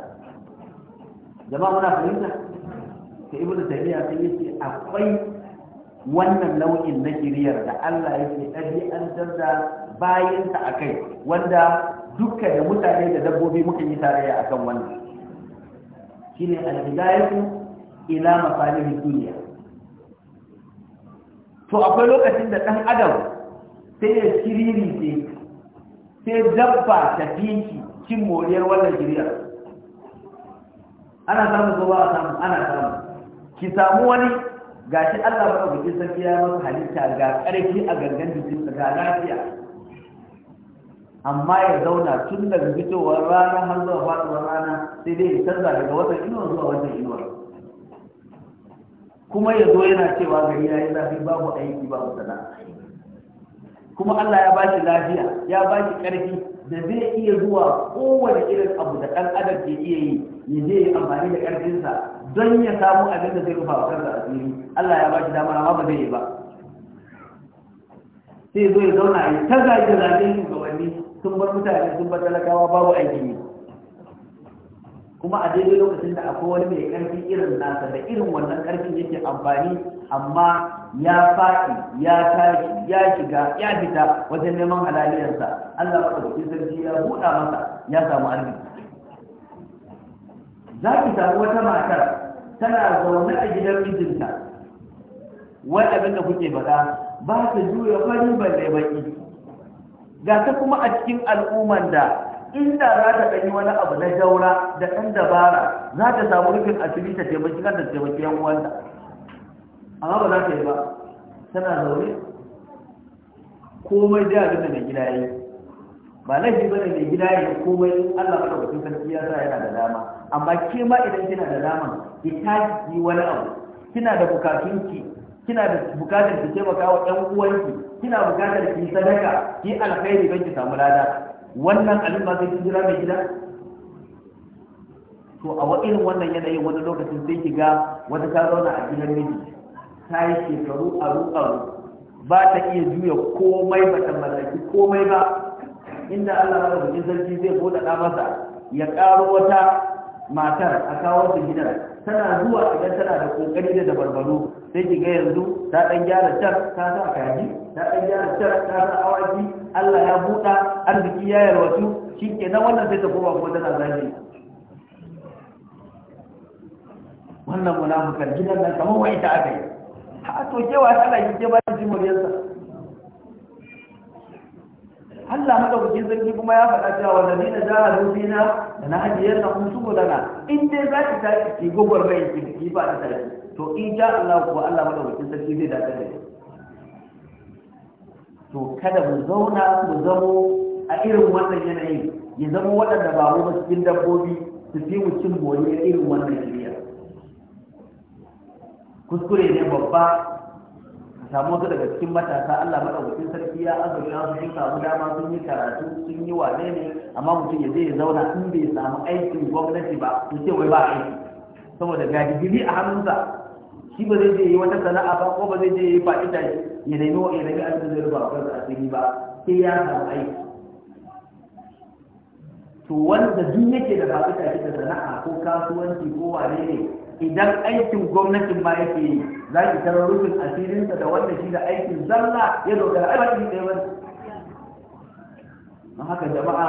jama'a muna fahimta ta ibnu taymiya sai yace akwai wannan nau'in na shiriyar da Allah ya yake ɗabi'antar da a kai wanda dukkan da mutane da dabbobi muka yi tarayya akan wannan shine al-hidayatu ila masalihi duniya to akwai lokacin da ɗan adam sai ya shiriri ce sai dabba ta fi cin moriyar wannan jiriya ana samun zuwa a samu ana samu ki samu wani gashi Allah ba ku sarki ya masa halitta ga karfi a gangan jikinsa ga lafiya amma ya zauna tun daga fitowar rana har zuwa faɗuwar rana sai dai ya canza daga wata inuwa zuwa wata inuwar kuma ya zo yana cewa gari ya yi zafi babu aiki babu sana'a kuma Allah ya bashi lafiya ya bashi karfi da zai iya zuwa kowane irin abu da ɗan adam ke iya yi ya je ya amfani da ƙarfinsa don ya samu abin da zai rufa wa kansa asiri Allah ya bashi dama amma ba zai yi ba sai zo ya zauna ya ta zage zage shugabanni sun bar mutane sun bar talakawa babu aiki ne kuma a daidai lokacin da akwai wani mai karfi irin nasa da irin wannan karfin yake amfani amma ya faɗi ya tashi ya shiga ya fita wajen neman halaliyarsa Allah ba sarki ya buɗa masa ya samu arziki za ki samu wata matar tana zaune a gidan mijinta wani abin kuke faɗa ba ta juya farin balle baki ga ta kuma a cikin al'ummar da inda za ta ɗanyi wani abu na jaura da ɗan dabara za ta samu rufin asibi ta taimaki kan ta taimaki yan uwanta amma ba za ta yi ba tana zaune komai da abin da mai gida yi ba na shi bane mai gida yi komai allah ba da wakil sarki ya sa yana da dama amma ke ma idan kina da dama ki tashi wani abu kina da bukatunki kina da bukatar ki taimaka wa ƴan uwanki kina bukatar ki sadaka ki alkhairi don ki samu lada wannan abin ba zai jira mai gida to a irin wannan yanayin wani lokacin sai ki ga wata ta zauna a gidan miji ta yi shekaru a aru ba ta iya juya komai ba ta mallaki komai ba inda Allah ya rubuta sarki zai bude da masa ya karo wata matar a kawo ta gidan tana zuwa idan tana da kokari da dabarbaro sai ki ga yanzu ta dan gyara can ta sa kaji ta ɗan gyara ta san awaki Allah ya buɗa arziki ya yarwatu shi ke nan wannan sai ta koma ko tana zagi wannan munafukan gidan nan kamar wai ta aka yi to kewa tana Allah yake ba ta muryarsa Allah kuke zargi kuma ya faɗa cewa wanda ne na jihar Rufina da na hajiyar na kun ko dana in dai za ki ta ki gogor rai ki ba ta tashi to in ja Allah kuwa Allah madaukakin sarki zai dace da to kada mu zauna mu zamo a irin wannan yanayin ya zama waɗanda ba mu cikin dabbobi su fi mu cin bori a irin wannan shirya kuskure ne babba ka samu wasu daga cikin matasa Allah madaukakin sarki ya azurta su sun samu dama sun yi karatu sun yi wane ne amma mutum ya zai zauna in bai samu aikin gwamnati ba to ce wai ba aiki saboda gadi digiri a hannunsa shi ba zai je yi wata sana'a ba ko ba zai je yi fa'ida shi ya nemi wa ilimi a cikin ba kansa a cikin ba sai ya samu aiki to wanda duk yake da ba da sana'a ko kasuwanci ko wane ne idan aikin gwamnatin ba yake yi za ki tarar rufin asirinsa da wanda shi da aikin zalla ya dogara aiki ɗaya ba. haka jama'a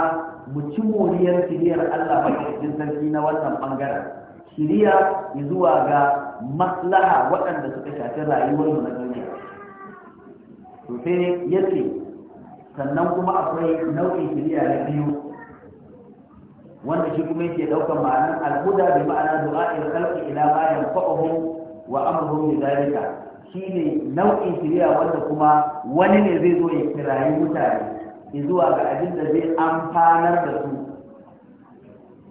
mu ci moriyar shiriyar Allah maɗaukakin sarki na wannan bangaren shiriya zuwa ga maslaha waɗanda suka shafi rayuwar mu na duniya to sai ya ce sannan kuma akwai nau'in filiya na biyu wanda shi kuma yake ɗaukar ma'anar alhuda bi ma'ana du'a'il khalqi ila ma yanfa'uhum wa amruhum bi shi shine nau'in shari'a wanda kuma wani ne zai zo ya kirayi mutane zuwa ga abin da zai amfanar da su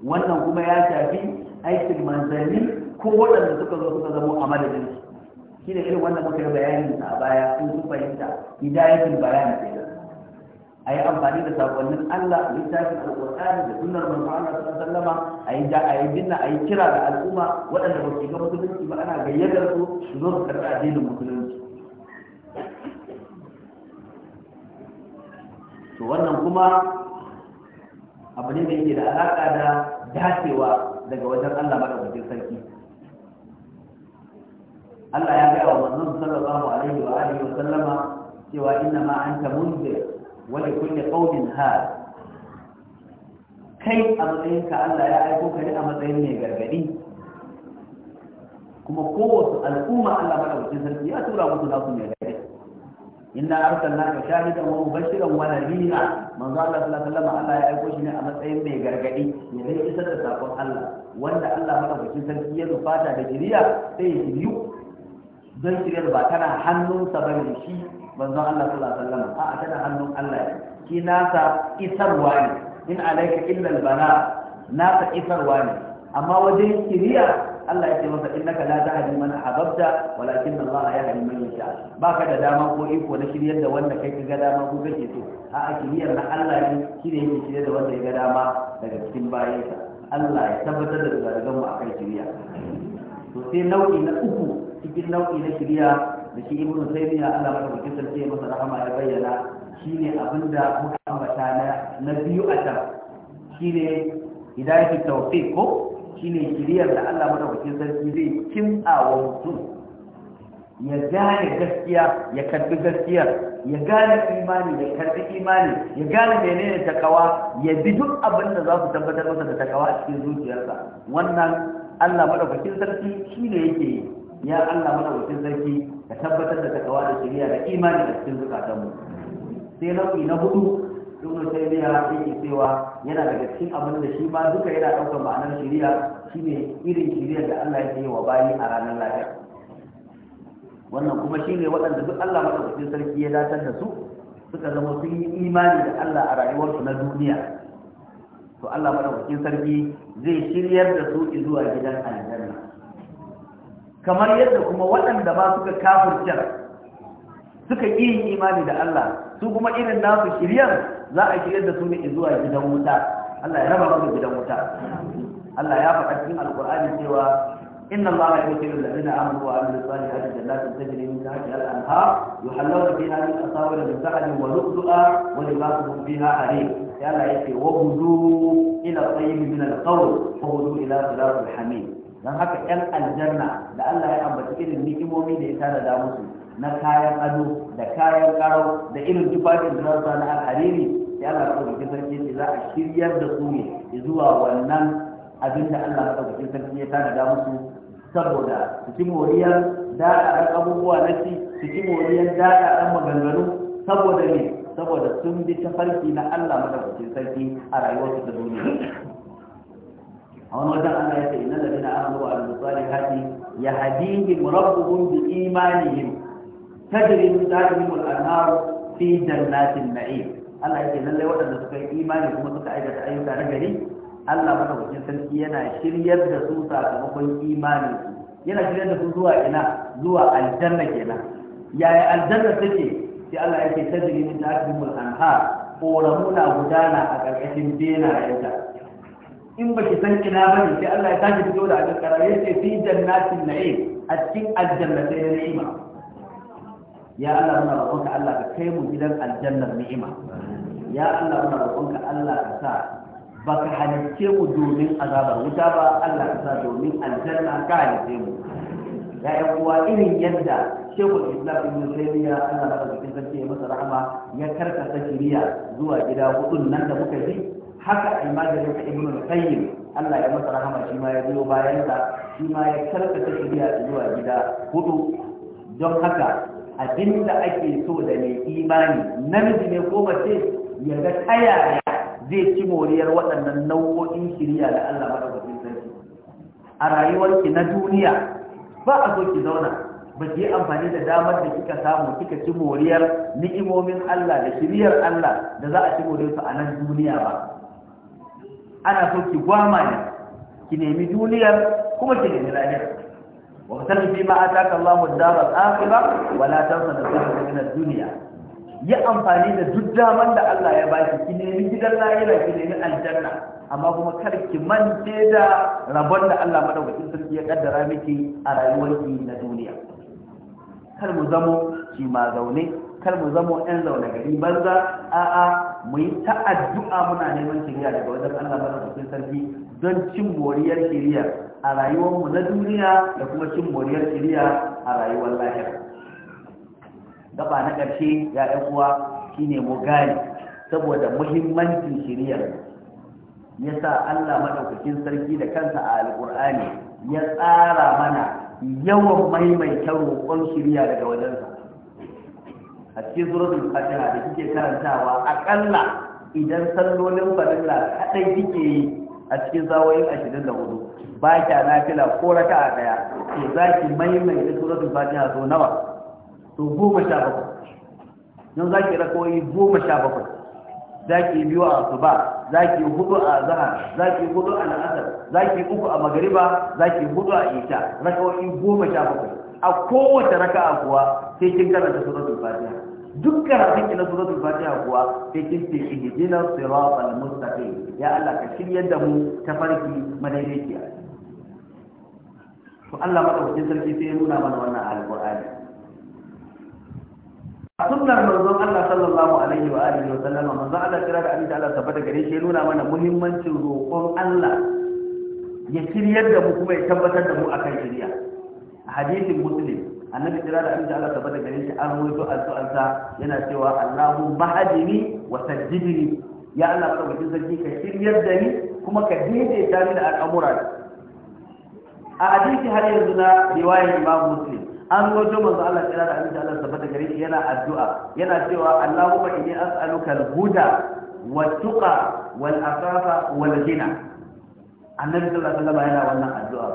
wannan kuma ya shafi aikin manzanni ko waɗanda suka zo suka zamo a madadin su shine da irin wannan muka yi bayani a baya sun sun fahimta hidayatul bayan ke a yi amfani da sakonnin Allah littafin alƙur'ani da sunnar manzo Allah sallallahu alaihi wasallam a yi da ayi dinna a yi kira da al'umma waɗanda ba su ga musulunci ba ana gayyatar su su zo su karɓi addinin musulunci to wannan kuma abu ne da yake da alaƙa da dacewa daga wajen Allah madaukakin sarki Allah ya gaya wa manzon sallallahu alaihi wa alihi wa sallama cewa inna ma anta munzir wa li kulli qawmin had kai a matsayin ka Allah ya aiko ka ne a matsayin mai gargadi kuma kowace al'umma Allah madaukakin sarki ya tura musu su mai gargadi inna arsalnaka shahidan wa mubashiran wa nadhira manzo Allah sallallahu alaihi wa Allah ya aiko shi ne a matsayin mai gargadi ne dai isar da sakon Allah wanda Allah madaukakin sarki ya rufata da jiriya sai ya shiryu zai shirya ba tana hannunsa ba ne shi manzon Allah sallallahu alaihi wasallam a'a tana hannun Allah ne shi nasa isarwa ne in alaika illa albala nasa isarwa ne amma wajen shirya Allah yake masa innaka la tahdi man ahbabta walakin Allah yahdi man yasha ka da dama ko iko na shiryar da wanda kai ga dama ko kake so a shiryar na Allah ne shi ne yake shiryar da wanda ya ga dama daga cikin bayansa Allah ya tabbatar da zalgan mu akan shiriya to sai nau'i na uku cikin nau'i na shirya da shi ibnu taymiya Allah maka bikin sarki masa rahama ya bayyana shine abinda muka ambata na na biyu a can shine hidayatu tawfiq ko shine shiriyar da Allah maka bikin sarki zai kimtsa wa mutum ya gane gaskiya ya karbi gaskiya ya gane imani ya karbi imani ya gane menene takawa ya bi duk abin da za su tabbatar masa da takawa a cikin zuciyarsa wannan Allah madaukakin sarki shine yake yi ya Allah mana wucin sarki ka tabbatar da takawa da shirya da imani da cikin zukatanmu sai nau'i na hudu ibnu ya yake cewa yana daga cikin abin da shi ma duka yana ɗaukar ma'anar shirya shine irin shirya da Allah ya yi wa bayi a ranar lafiya wannan kuma shine waɗanda duk Allah madaukakin sarki ya datar da su suka zama sun yi imani da Allah a rayuwarsu na duniya to Allah madaukakin sarki zai shiryar da su zuwa gidan aljanna kamar yadda kuma waɗanda ba suka kafirce suka yi imani da Allah su kuma irin nasu shiryar za a shiryar da su ne zuwa gidan wuta Allah ya raba mu gidan wuta Allah ya faɗa cikin alkur'ani cewa إن الله يدخل الذين آمنوا وعملوا الصالحات جنات تجري من تحتها الأنهار يحلون فيها من أساور من ذهب ولؤلؤا ولباسهم فيها حرير يا لا يكفي وهدوا إلى الطيب من القول وهدوا ila صراط الحميد don haka yan aljanna da Allah ya ambaci irin nikimomi da ya tara da musu na kayan ado da kayan karo da irin tufafin da za na alhariri sai Allah madaukakin sarki ce za a shiryar da su ne zuwa wannan abin da Allah madaukakin sarki ya tara da musu saboda su ci moriyar daɗaɗan abubuwa na ci su ci moriyar daɗaɗan maganganu saboda ne saboda sun bi ta farki na Allah madaukakin sarki a rayuwarsu ta duniya a wani wajen Allah ya ce inna da dina amanu wa al-salihati yahdihim rabbuhum bi imanihim tajri min tahtihim al-anhar fi jannatin na'im Allah ya ce lalle waɗanda suka yi imani kuma suka aikata ayyuka na gari Allah madaukakin sarki yana shiryar da su sakamakon imanin su yana shiryar da su zuwa ina zuwa aljanna kenan yaya aljanna take sai Allah ya ce tajri min tahtihim al-anhar koramuna gudana a ƙarƙashin benayenta in ba ki san ina ba ne sai Allah ya tashi fito da abin kara ya ce fi jannatin na'im a cikin aljannatai na ni'ima ya Allah muna roƙonka Allah ka kai mu gidan aljannar ni'ima ya Allah muna roƙonka Allah ka sa ba ka halicce mu domin azabar wuta ba Allah ka sa domin aljanna ka halicce mu ya yi kuwa irin yadda shekul islam ibn taymiya Allah ya cikin sarki ya masa rahma ya karkata shiriya zuwa gida hudun nan da muka bi haka almajirin ka ibn al-qayyim Allah ya masa rahama shi ma ya biyo bayan sa shi ma ya ta shiriya zuwa gida hudu don haka abinda ake so da mai imani namiji ne ko mace ya ga zai ci moriyar waɗannan nau'o'in shiriya da Allah madaukakin sarki a rayuwarki na duniya ba a so ki zauna ba ki yi amfani da damar da kika samu kika ci moriyar ni'imomin Allah da shiriyar Allah da za a ci moriyar su a nan duniya ba ana so ki gwama ne ki nemi duniyar kuma ki nemi lahira wa sallu fi ma ataka Allahu ad-dar al-akhirah wa la tansa nasibaka min ad-dunya ya amfani da duk daman da Allah ya baki ki nemi gidan lahira ki nemi aljanna amma kuma kar ki mance da rabon da Allah madaukakin sarki ya kaddara miki a rayuwarki na duniya kar mu zamo ki ma zaune kar mu zama yan zaune gari banza a'a mu yi ta muna neman shiriya daga wajen Allah su sarki don cin moriyar shiriya a rayuwarmu na duniya da kuma cin moriyar shiriya a rayuwar lahira gaba na ƙarshe ya ɗan uwa shine mu gane saboda muhimmancin shiriyar ya sa Allah maɗaukakin sarki da kansa a alƙur'ani ya tsara mana yawan maimaita roƙon shiriya daga wajensa a cikin suratul fatiha da kike karantawa akalla idan sallolin farilla kadai kike yi a cikin da 24 ba kya nafila ko raka a daya to zaki maimaita suratul fatiha so nawa to 17 don zaki rakoyi 17 zaki biyu a asuba zaki hudu a zahar zaki hudu a la'asar zaki uku a magariba zaki hudu a isha rakawoyi goma sha bakwai a kowace raka'a kuwa sai kin karanta suratul fatiha duk karatun ki na suratul fatiha kuwa sai kin ce ihdina siratal mustaqi ya Allah ka shiryar da mu ta farki madaidaiciya to Allah madaukakin sarki sai ya nuna mana wannan alqur'ani sunnar manzon Allah sallallahu alaihi wa alihi wa sallama manzon Allah kira da abinda Allah tabbata gare shi ya nuna mana muhimmancin roƙon Allah ya shiryar da mu kuma ya tabbatar da mu akan shiriya a hadisin muslim annabi jira da inda Allah tabbata gare shi an ruwaito addu'arsa yana cewa Allahu mahadini wa sajjidni ya Allah madaukakin sarki ka shiryar da ni kuma ka daidaita ni da al'amura a hadisi har yanzu na riwayar Imam Muslim an wajo manzo Allah jira da inda Allah tabbata gare shi yana addu'a yana cewa Allahumma inni as'aluka al-huda wa tuqa wal afafa wal ghina annabi sallallahu alaihi sallam yana wannan addu'a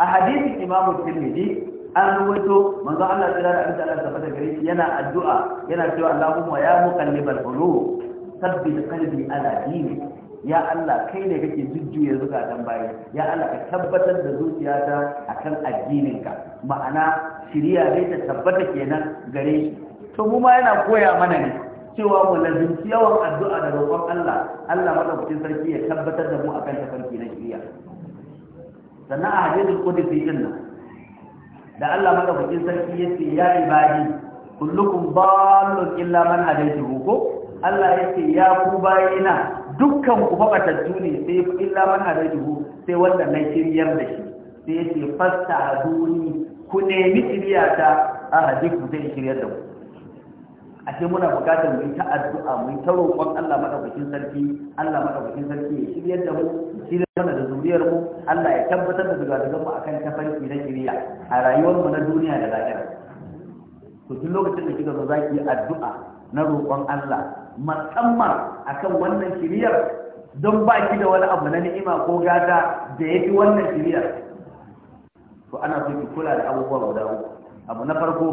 a hadisin Imam Tirmidhi an ruwaito manzo Allah tsira da abinda Allah gare shi yana addu'a yana cewa Allahumma ya muqallibal qulub sabbit qalbi ala dini ya Allah kai ne kake jujjuya zukatan bayi ya Allah ka tabbatar da zuciyata akan addininka ma'ana shiriya dai ta tabbata kenan gare shi to mu ma yana koya mana ne cewa mu lazimci yawan addu'a da roƙon Allah Allah madaukakin sarki ya tabbatar da mu akan tafarki na shiriya sannan a hadisul qudsi din nan da Allah madaukakin sarki yace ya ibadi kullukum dallun illa man hadaytu ko Allah yace ya ku bayina dukkan ku batattu ne sai illa man hadaytuhu sai wanda na shiryar da shi sai yace fastahaduni ku nemi shiryata a hadiku sai shiryar da ku ce muna bukatar mu ta addu'a mu ta roƙon Allah madaukakin sarki Allah madaukakin sarki ya shiryar da mu shiryar da zuriyar mu Allah ya tabbatar da gudanar mu akan tafarki na kiriya a rayuwar mu na duniya da lahira to duk lokacin da kika zo zaki addu'a na roƙon Allah musamman akan wannan kiriyar don ba ki da wani abu na ni'ima ko gata da yafi wannan kiriyar to ana so ki kula da abubuwa guda uku abu na farko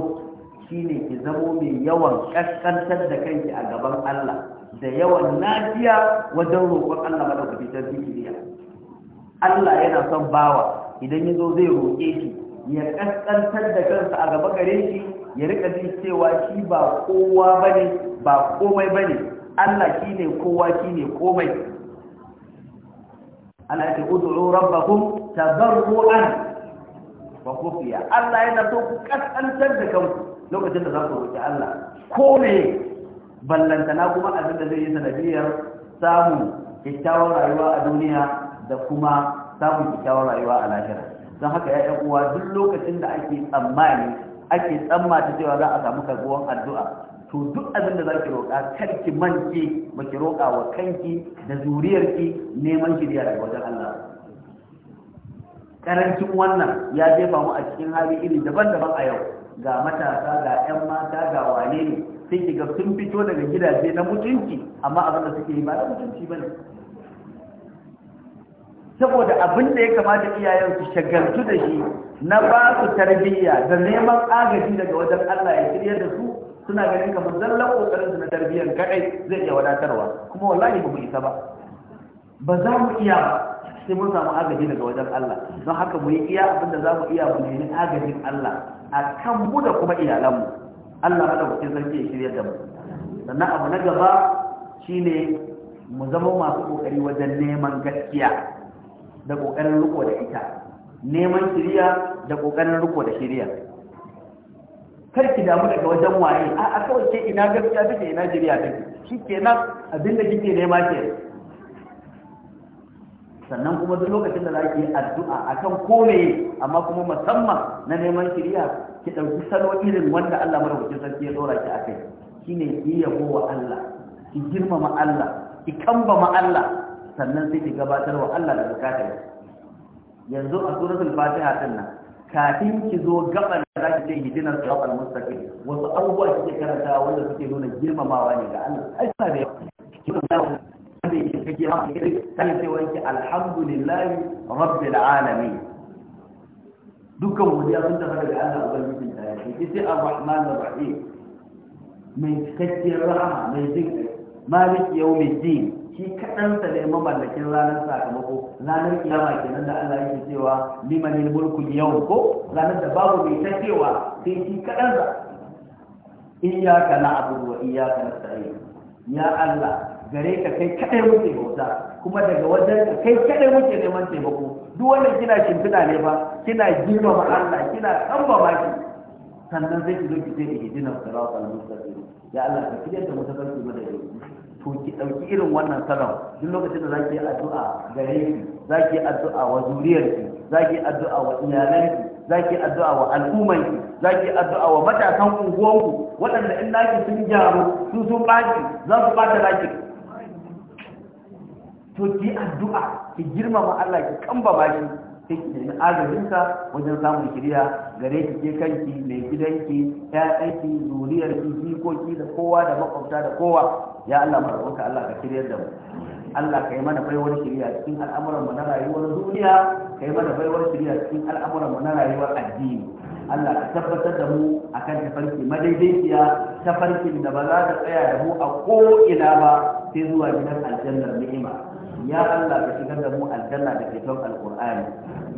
shine ki zamo mai yawan kaskantar da kanki a gaban Allah da yawan nafiya wajen roƙon Allah madaukakin sarki kiriya Allah yana son bawa idan yazo zai roƙe shi ya kaskantar da kansa a gaba gare shi ya rika jin cewa shi ba kowa bane ba komai bane Allah shine kowa shine komai ana ce ud'u rabbakum tadarruan wa khufiya Allah yana so ku kaskantar da kanku lokacin da za ku roƙi Allah ko ne ballantana kuma abin da zai yi sanadiyar samun kyakkyawar rayuwa a duniya da kuma samun kyakkyawar rayuwa a lahira don haka ya uwa duk lokacin da ake tsammani ake tsammata cewa za a samu karbuwan addu'a to duk abin da za ki roƙa kar ki manke ba ki roƙa wa kanki da zuriyarki neman shirya daga wajen Allah karancin wannan ya jefa mu a cikin hali iri daban-daban a yau ga matasa ga 'yan mata ga wane ne sai ki ga sun fito daga gidaje na mutunci amma abin da suke yi ba na mutunci ba ne saboda abin da ya kamata iyayen su shagaltu da shi na ba su tarbiyya da neman agaji daga wajen Allah ya shirya da su suna ganin kamar zallan kokarin su na tarbiyyar kadai zai iya wadatarwa kuma wallahi ba mu isa ba ba za mu iya ba sai mun samu agaji daga wajen Allah don haka mu yi iya abin da za mu iya mu nemi agajin Allah a kan mu da kuma iyalanmu Allah madaukakin sarki ya shirya da mu sannan abu na gaba shine mu zama masu kokari wajen neman gaskiya da ƙoƙarin riko da ita neman shirya da ƙoƙarin riko da shirya kar ki damu daga wajen waye a a kawai ke ina gaskiya take ina jiriya take shi ke nan, abin da kike nema ke sannan kuma duk lokacin da za ki yi addu'a akan kome amma kuma musamman na neman shirya, ki ɗauki salo irin wanda Allah madaukakin sarki ya tsora ki akai shine ki yabo wa Allah ki girmama Allah ki kambama Allah sannan sai ki gabatar wa Allah da bukatar yanzu a suratul fatiha din nan kafin ki zo gaban da zaki ce hidinar siratal mustaqim wasu abubuwa kike karanta wanda suke nuna girmamawa ne ga Allah ai suna da yawa da yake kake ma kike kana cewa ki alhamdulillahi rabbil alamin dukkan godiya sun tafi daga Allah ubangijin ta yake sai arrahmanir rahim mai cikakkiyar rahama mai jin maliki yawmiddin shi kaɗansa ne mamallakin ranar sakamako ranar kiyama kenan da Allah yake cewa limanil mulku yau ko ranar da babu mai ta cewa sai shi kaɗansa iyyaka na'budu wa iyyaka nasta'in ya Allah gare ka kai kaɗai muke bauta kuma daga wajen ka kai kaɗai muke neman taimako duk wanda kina shimfina ne ba kina girmama Allah kina kamba shi sannan zai ki zo ki sai ihdina siratal mustaqim ya Allah ka kiyar da mutakalli mada yau to ki dauki irin wannan salon duk lokacin da zaki addu'a gare ki zaki addu'a wa zuriyarki zaki addu'a wa ki zaki addu'a wa ki zaki addu'a wa matasan unguwanku waɗanda in naki sun gyaru su sun baki za su bata naki to ki addu'a ki girmama Allah ki kamba baki sai ki wajen samun kiriya gare ki ke kanki mai gidanki ƴaƴanki zuriyarki jikoki da kowa da makwabta da kowa ya Allah mu roƙa Allah ka shiryar da mu Allah ka yi mana baiwar kiriya cikin al'amuran mu na rayuwar duniya ka yi mana baiwar kiriya cikin al'amuran mu na rayuwar addini Allah ka tabbatar da mu akan tafarki madaidaiciya tafarkin da ba za ta tsaya da mu a ko ina ba sai zuwa gidan aljannar ni'ima ya Allah ka shigar da mu aljanna da ke ton alqur'ani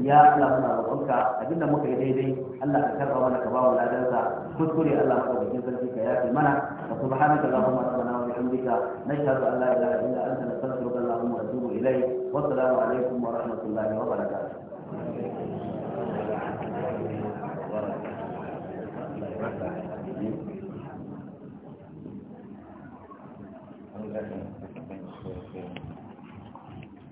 ya Allah muna roƙonka abinda muka yi daidai Allah ka karba mana ka ba mu ladansa kuskure Allah ka bikin sarki ka yafe mana wa subhanaka allahumma rabbana wa bihamdika nashhadu an la ilaha illa anta nastaghfiruka allahumma wa atubu ilayk wa assalamu alaikum wa rahmatullahi wa barakatuh Thank you.